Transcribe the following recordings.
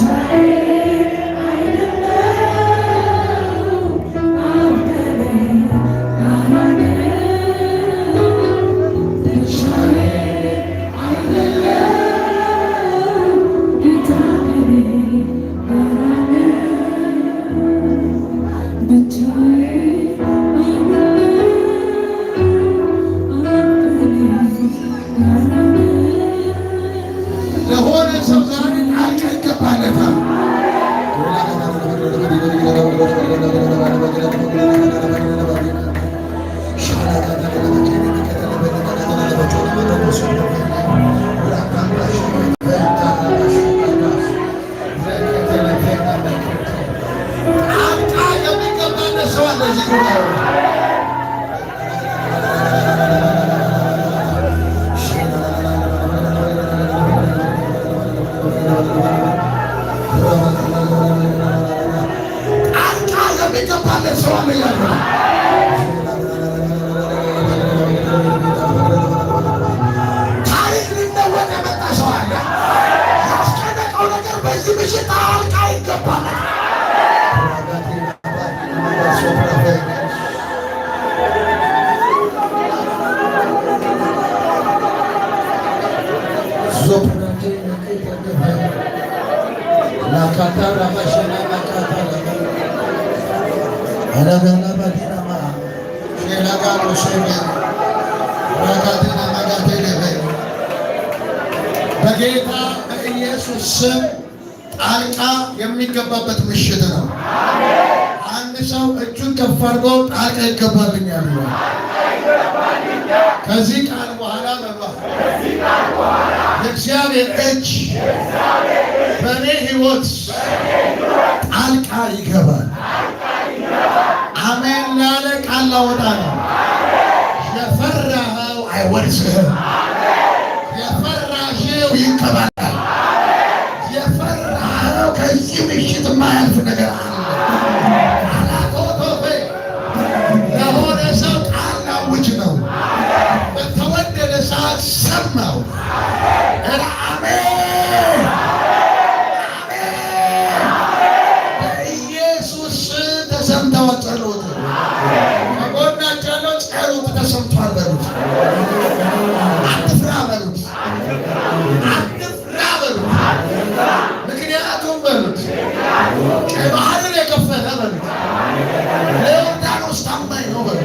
time. በጌታ በኢየሱስ ስም ጣልቃ የሚገባበት ምሽት ነው። አንድ ሰው እጁን ከፍ አድርጎ ጣልቃ ይገባልኛል። ከዚህ ቃል በኋላ የእግዚአብሔር እጅ በእኔ ሕይወት ጣልቃ ይገባል። አሜን ያለ ቃል ላወጣ ነው። የፈራኸው አይወርስህም። የፈራሽው ይቀበላል። የፈራኸው ከዚህ ምሽት የማያልፍ ነገር শুরু করে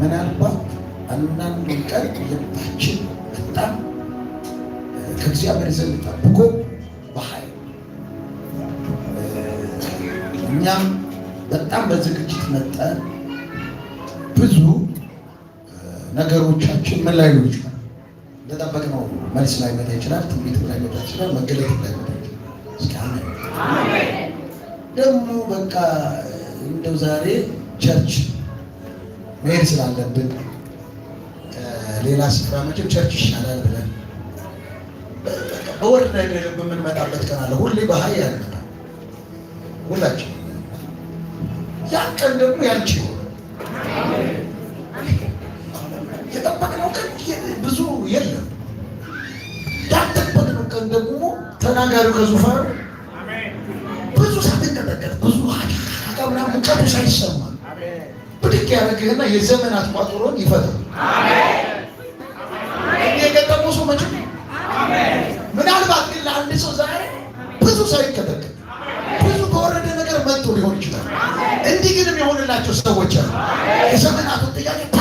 ምናልባት አንዳንዱ ቀን ልባችን በጣም ከእግዚአብሔር ዘንድ ጠብቆ በኃይል እኛም በጣም በዝግጅት መጠን ብዙ ነገሮቻችን ምን ላይ ሊሆን ይችላል? እንደጠበቅነው መልስ ላይ መጣ ይችላል። ትንቢት ላይ መጣ ይችላል። መገለጥ ላይ መጣ ይችላል። ደግሞ በቃ እንደው ዛሬ ቸርች መሄድ ስላለብን ሌላ ስፍራ መቼም ቸርች ይሻላል ብለን በወረደ ልብ በምንመጣበት ቀን አለ። ሁሌ በሀይ ያለ ሁላችን ያን ቀን ደግሞ ያንቺ ሆነ የጠበቅነው ቀን ብዙ የለም። ያልጠበቅነው ቀን ደግሞ ተናጋሪው ከዙፋኑ ብዙ ሳትንቀጠቀጥ ብዙ ቃ ሙቀቱ ሳይሰማ ብድግ ያደርግህና የዘመናት ቋጠሮን ይፈታል። እኔ የገጠመው ሰው መቼ ምናልባት ግን ለአንድ ሰው ዛሬ ብዙ ሰው ሳይከተል ብዙ በወረደ ነገር መጥቶ ሊሆን ይችላል። እንዲህ ግን የሆንላቸው ሰዎች አሉ። የዘመናቱን ጥያቄ ታ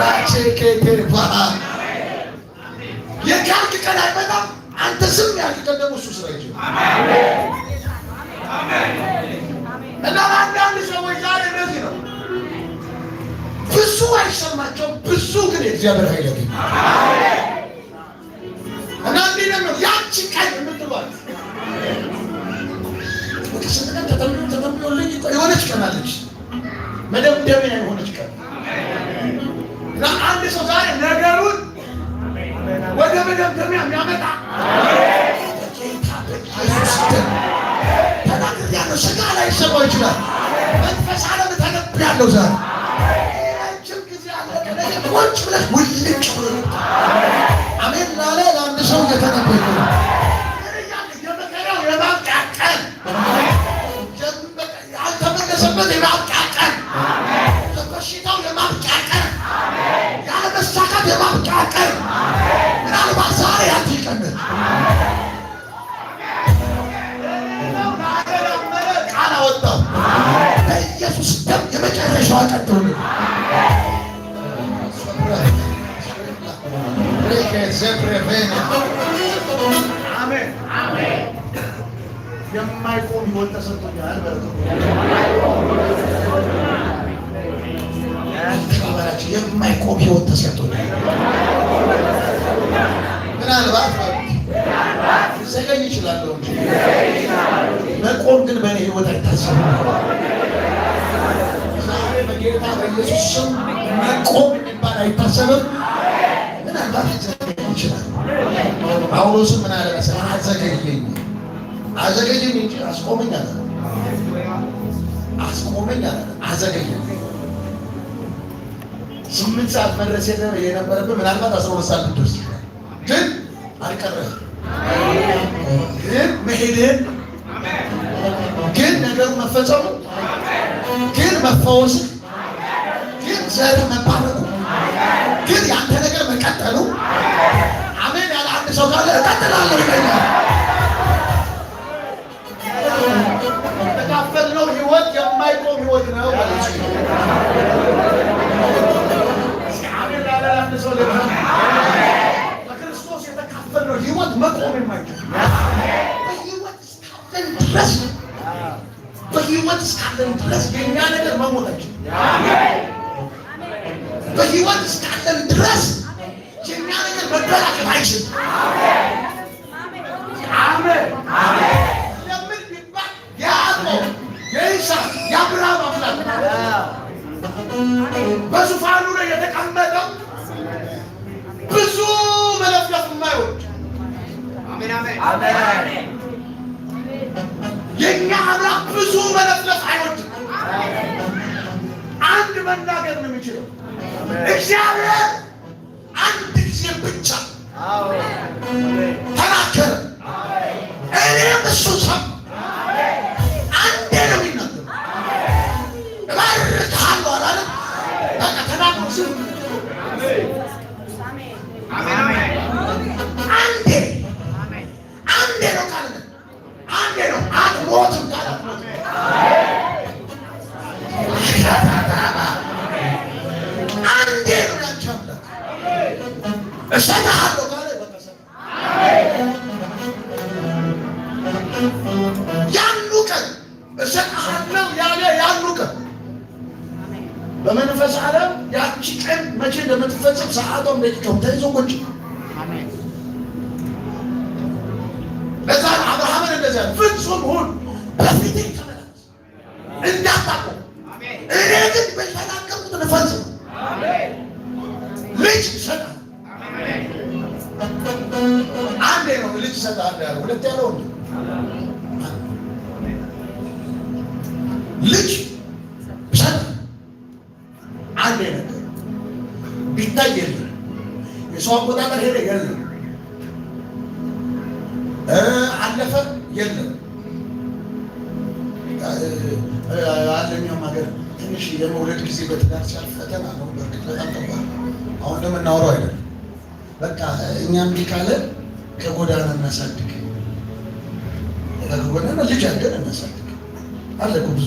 ራቼ ኬቴርባ የካልክ ቀን አይመጣም። አንተ ስም ያልክ ቀን ደግሞ እሱ ስራ ይችላል። እና አንዳንድ ሰዎች ዛሬ እንደዚህ ነው። ብዙ አይሰማቸውም፣ ብዙ ግን የእግዚአብሔር ኃይል ያገኝ እና እንዲህ ነው ያቺ ቀን የምትሏት የሆነች ቀን አለች፣ መደምደሚያ የሆነች ቀን እና አንድ ሰው ዛሬ ነገሩን ወደ መደምደሚያ የሚያመጣ ያለው ስጋ ላይ ሰማው ይችላል። መንፈስ ዓለም ተገብር ያለው ዛሬ ቁጭ ብለህ ውልጭ አሜን ላለ ለአንድ ሰው እየተነበየ ያልተመለሰበት የማብቂያ ቀን፣ ያለመሳካት የማብቂያ ቀን አቀጥሉ። የማይቆም ህይወት ተሰጥቶኛል። የማይቆም ህይወት ተሰጥቶኛል። ምናልባት ልዘገይ እችላለሁ፣ መቆም ግን በእኔ ህይወት አይታሰብም። በጌታ በኢየሱስ ስም መቆም የሚባል አይታሰብም። ምናልባት ሊዘገይ ምን አለ መሰለህ? አዘገየኝ አዘገየኝ እንጂ አስቆመኝ አለ አስቆመኝ አለ አዘገየኝ። ስምንት ሰዓት መድረስ የነበረብህ ምናልባት አስራ ሁለት ሰዓት ልትደርስ ግን አልቀረህም። ግን መሄድህን ግን ነገር መፈጸሙ ግን መፈወስህ ዘር መባረኩ ግን የአንተ ነገር መቀጠሉ አሜን ያለ አንድ ሰው ካለ እቀጥላለሁ ይለኛል። የተካፈልነው ህይወት የማይቆም ህይወት ነው። በክርስቶስ የተካፈልነው በህይወት እስካለን ድረስ የእኛ ነገር መሞታችን በህይወት እስካለን ድረስ የኛ ነገር መበላሸት አይችልም። በዙፋኑ ላይ የተቀመጠው ብዙ መለፍለፍ የማይወድ የእኛ አምላክ ብዙ መለፍለፍ አይወድም። አንድ መናገር ነው የሚችለው እግዚአብሔር አንድ ጊዜ ብቻ ተናገረ። እኔም እሱ ሰማ። አንዴ ነው የሚናገር። እባርክሃለሁ አላለም። በቃ ተናገር አንዴ አንዴ ነው ቃል አንዴ ነው አት እሰጥሃለሁ ካለ ያሉ ቀን እሰጥሃለሁ ያለ ያሉ ቀን በመንፈስ ዓለም ያቺ ቀን መቼ እንደምትፈጽም ሰዓቷ አንድ ቢታይ የለም። የሰው አቆጣጠር ሄደ አለፈ የለም። አለኛውም ሀገር ትንሽ የመውለድ ጊዜ በትዳር ሲያልፍ ፈተና ነው። በእርግጥ በጣም ከባድ አሁን እንደምናወራው አይደለም። በቃ እኛ እንዲህ ካለ ከጎዳና እናሳድግ ከጎዳና ልጅ አድርገን እናሳድግ አለ ብዙ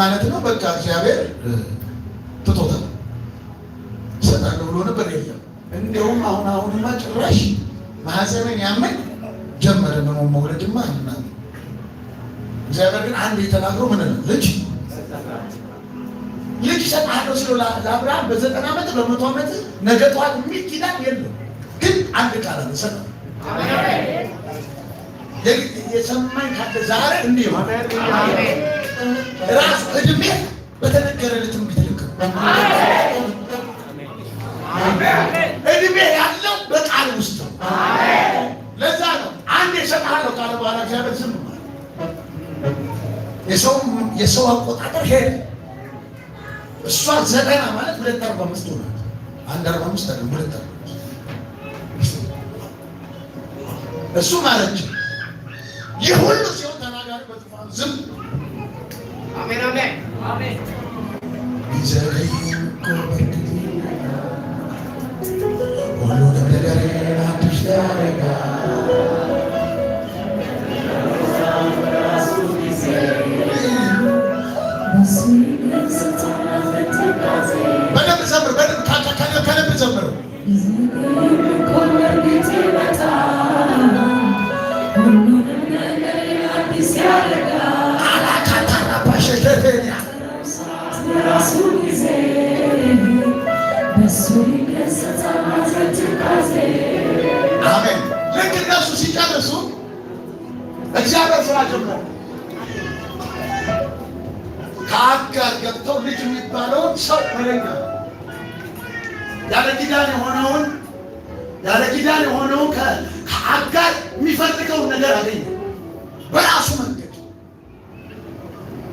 ማለት ነው። በቃ እግዚአብሔር ትቶታል። እሰጣለሁ ብሎ ነበር የለም። እንዲሁም አሁን አሁንማ ጭራሽ ማህፀንን ያመን ጀመረ። ነው መውለድማ እና እግዚአብሔር ግን አንድ የተናግሮ ምን ነው ልጅ ልጅ እሰጥሃለሁ ስለ ለአብርሃም በዘጠና ዓመት በመቶ ዓመት ነገ ጠዋት የሚል ኪዳን የለም። ግን አንድ ቃል አለ ሰጠ የሰማኝ ካለ ዛሬ እንዲህ ራስ እድሜ በተነገረልህ ትንቢት ልክ እድሜ ያለው በቃል ውስጥ ነው። ለዛ ነው አንድ የሰማሃለው ካለ በኋላ እግዚአብሔር ዝም የሰው አቆጣጠር ሄደ። እሷ ዘጠና ማለት ሁለት አርባ አምስት ሆናት። አንድ አርባ አምስት አለ ሁለት አርባ እሱ ማለት ይህ ሁሉ ሲሆን ተናጋሪ በዙፋን ዝም Amen, amen. Amen. Oh Lord, I'm ያገለግላል። ያለ ኪዳን የሆነውን ያለ ኪዳን የሆነውን ከአጋር የሚፈልገውን ነገር አገኘ። በራሱ መንገድ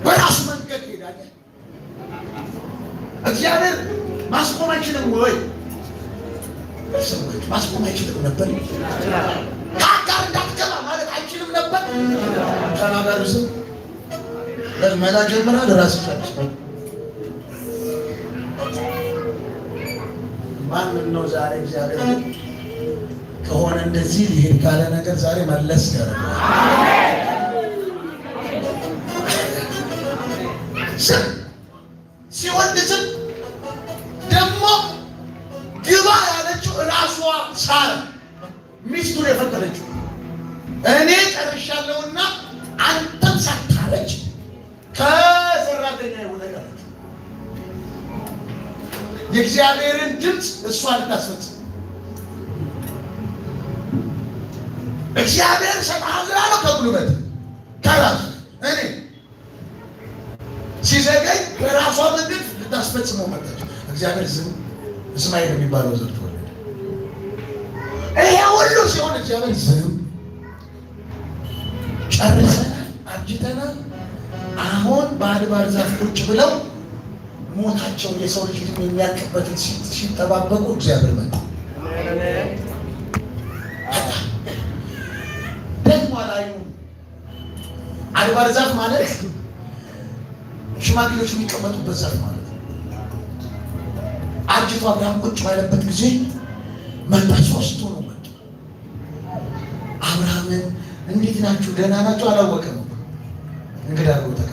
በራሱ መንገድ ይሄዳል። እግዚአብሔር ማስቆም አይችልም ወይ? ሰዎች ማስቆም አይችልም ነበር። ከአጋር እንዳትገባ ማለት አይችልም ነበር። ተናገር ስም መላ ጀምራ ለራስ ማንም ነው ዛሬ እግዚአብሔር ከሆነ እንደዚህ ሊሄድ ካለ ነገር ዛሬ መለስ ገረ እሷ ልታስፈጽ እግዚአብሔር እሰጥሃለሁ አለው። ከጉልበት ከራሱ እኔ ሲዘገኝ በራሷ መንገድ ልታስፈጽመው መጣች። እግዚአብሔር ዝም እስማኤል የሚባለው ዘር ተወለደ። ይሄ ሁሉ ሲሆን እግዚአብሔር ዝም ጨርሰናል፣ አርጅተናል። አሁን በአድባር ዛፍ ቁጭ ብለው ሞታቸው የሰው ልጅ ግን የሚያልቅበትን ሲጠባበቁ እግዚአብሔር መ ደግሞ አላዩ አድባር ዛፍ ማለት ሽማግሌዎች የሚቀመጡበት ዛፍ ማለት ነው። አርጅቶ አብርሃም ቁጭ ባለበት ጊዜ መጣ። ሶስቱ ነው መጣ። አብርሃምን እንዴት ናችሁ ደህና ናችሁ አላወቀም። እንግዳ ተቀ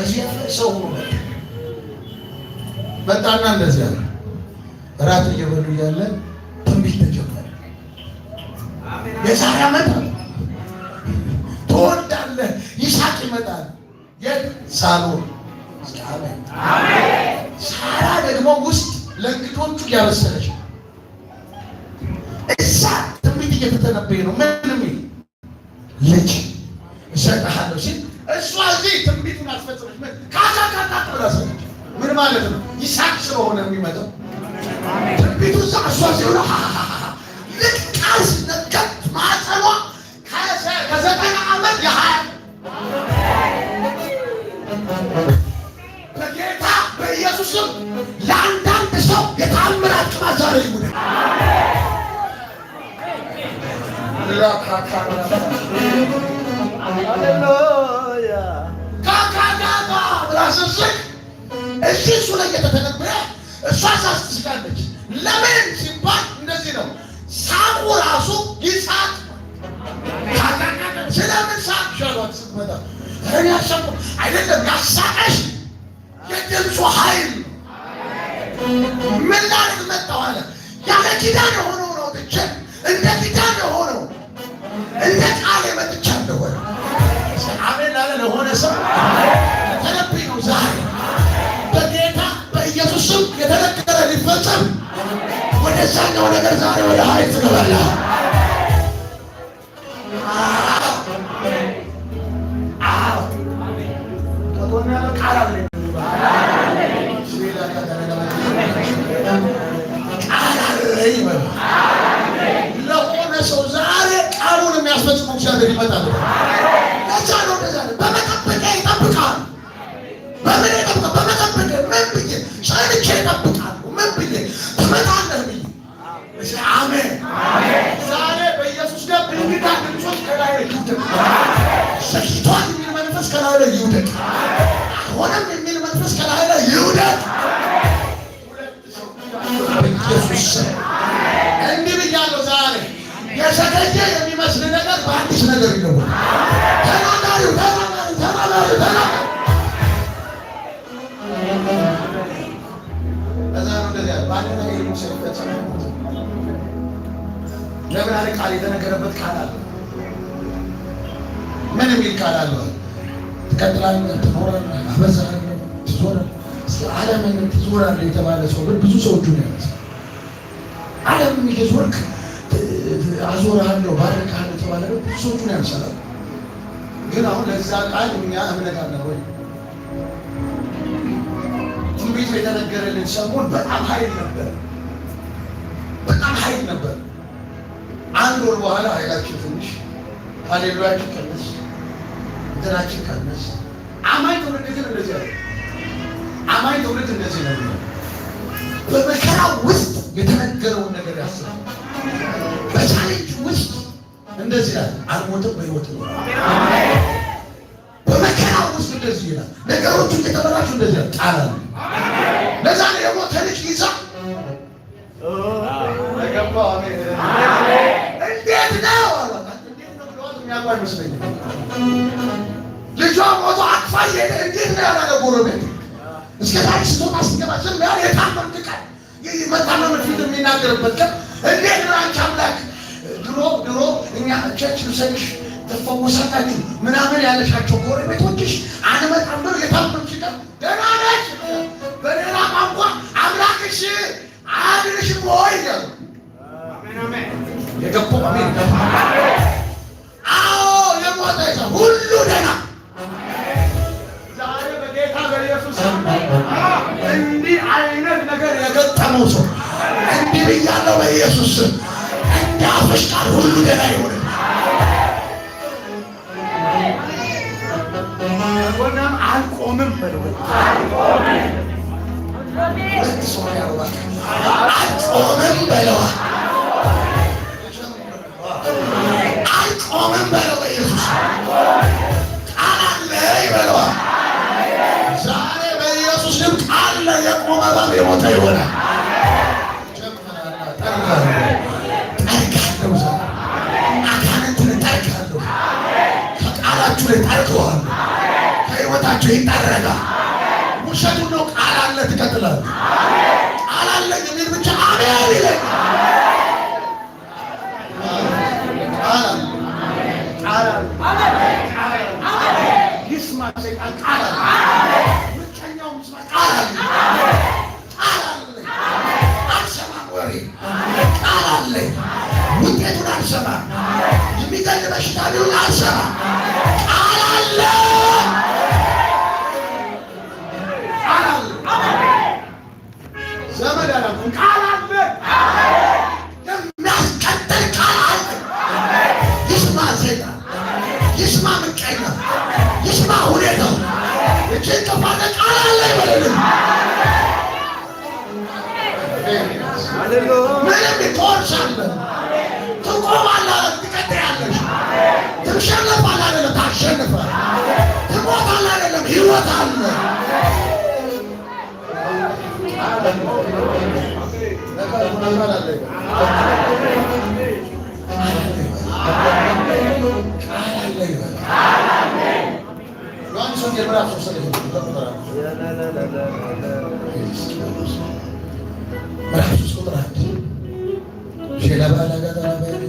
እግዚአብሔር ሰው ሆኖ መጣና እንደዚያ እራት እየበሉ እያለ ትንቢት ተጀመረ። የዛሬ ዓመት ትወልዳለህ፣ ይስሐቅ ይመጣል። የት ሳሎን ሳራ ደግሞ ውስጥ ለእንግዶቹ እያበሰለች ነው። እዛ ትንቢት እየተተነበየ ነው። ምንም ልጅ нормально. መሳሳት ትችላለች። ለምን ሲባል እንደዚህ ነው። ሳቁ ራሱ ይሳቅ። ስለምን ሳቅ ሸሏት ስትመጣ እኔ ያሰቁ አይደለም ያሳቀሽ የድምፁ ኃይል ምን ላድርግ መጣሁ አለ። ያለ ኪዳን የሆነው ነው ብቻ እንደ ኪዳን የሆነው እንደ ቃል መጥቻለሁ። አሜን ላለ ለሆነ ሰው የተሳነው ነገር ዛሬ ወደ ኃይል ትገባለ። ለሆነ ሰው ዛሬ ቃሉን የሚያስፈጽሙ እግዚአብሔር ይመጣል። በመጠበቂያ ይጠብቃል። በምን ይጠብቃል? በመጠበቂያ ምን ብዬ ሰንቼ ይጠብቃል። ምን ያለ ሰው ግን ብዙ ነው እጁን ያነሳ ዓለም እየዞርክ አዞርሃለሁ ባርካለሁ ተባለ ብዙ ሰው ነው ያነሳል። ግን አሁን ለዛ ቃል እኛ እምነት አለ ወይ? ትንቢት የተነገረልን ሰሞን በጣም ኃይል ነበር፣ በጣም ኃይል ነበር። አንድ ወር በኋላ ኃይላችን ትንሽ፣ ሃሌሉያችን ቀነስ፣ እንትናችን ቀነስ። አማኝ ትውልድ ግን እንደዚህ አለ። አማኝ ትውልድ እንደዚህ ነው። በመከራ ውስጥ የተነገረውን ነገር ያስባል። በቻሌንጅ ውስጥ እንደዚህ ያለ አልሞትም በህይወት ነው። በመከራ ውስጥ እንደዚህ ይላል፣ ነገሮቹ እየተበላሹ እንደዚህ ያለ ጣለ ለዛ ነው የሞተ ልጅ ይዛ እንዴት ነው ልጇ ሞቶ አቅፋ እንዴት ነው ያላለ ጎረቤት እስከ ዛሬ ስጦታ ስገባ ዝም ያ የታመም ቀን መታመም ፊት የሚናገርበት ቀን እንዴት ነው አንቺ አምላክ ድሮ ድሮ እኛ እጃች ልብሰሽ ትፈወሳላችሁ ምናምን ያለሻቸው ጎረቤቶችሽ አንመጣም ብለው የታመምሽ ቀን ደህና ነሽ፣ በሌላ ቋንቋ አምላክሽ አድርሽም ሆይ የገባው አሜን። አዎ የሞተ ሁሉ ደህና ዛሬ በጌታ በኢየሱስ አልሞትም። እንዲህ ብያለሁ በኢየሱስ ስም። እንደ አፍሽ ቃል ሁሉ ደህና ይሁን። ሆናም አልቆምም በለው አልቆምም በለው አልቆምም በለው በኢየሱስ ቃል አለ ይበለዋል። ዛሬ በኢየሱስ ስም ቃል የቆመ የሞተ ይሆናል። ጠርቃለሁ። አጋንንት ጠርቃለሁ። ከቃላችሁ ላይ ጠርቀዋል። ከህይወታችሁ ይጠረጋ። ውሸቱን ነው። ቃል አለ ትቀጥላል። ቃል አለ የሚል ብቻ አሜን ይለኝ። ይስማ ቃል አለ ቃል አለ። ውጤቱን አልሰማ የሚገል በሽታ ቢሆን አልሰማ ቃል አለ። ቃል አለ። ይስማ ይስማ ይስማ ሁኔታው ትደርሳለህ፣ ትቆማለህ፣ ትቀጥያለሽ፣ ትሸነፋለህ አይደለም ታሸንፈህ፣ ትሞታለህ አይደለም ህይወት አለ። ምዕራፍ ሶስት ቁጥር አንድ Thank you.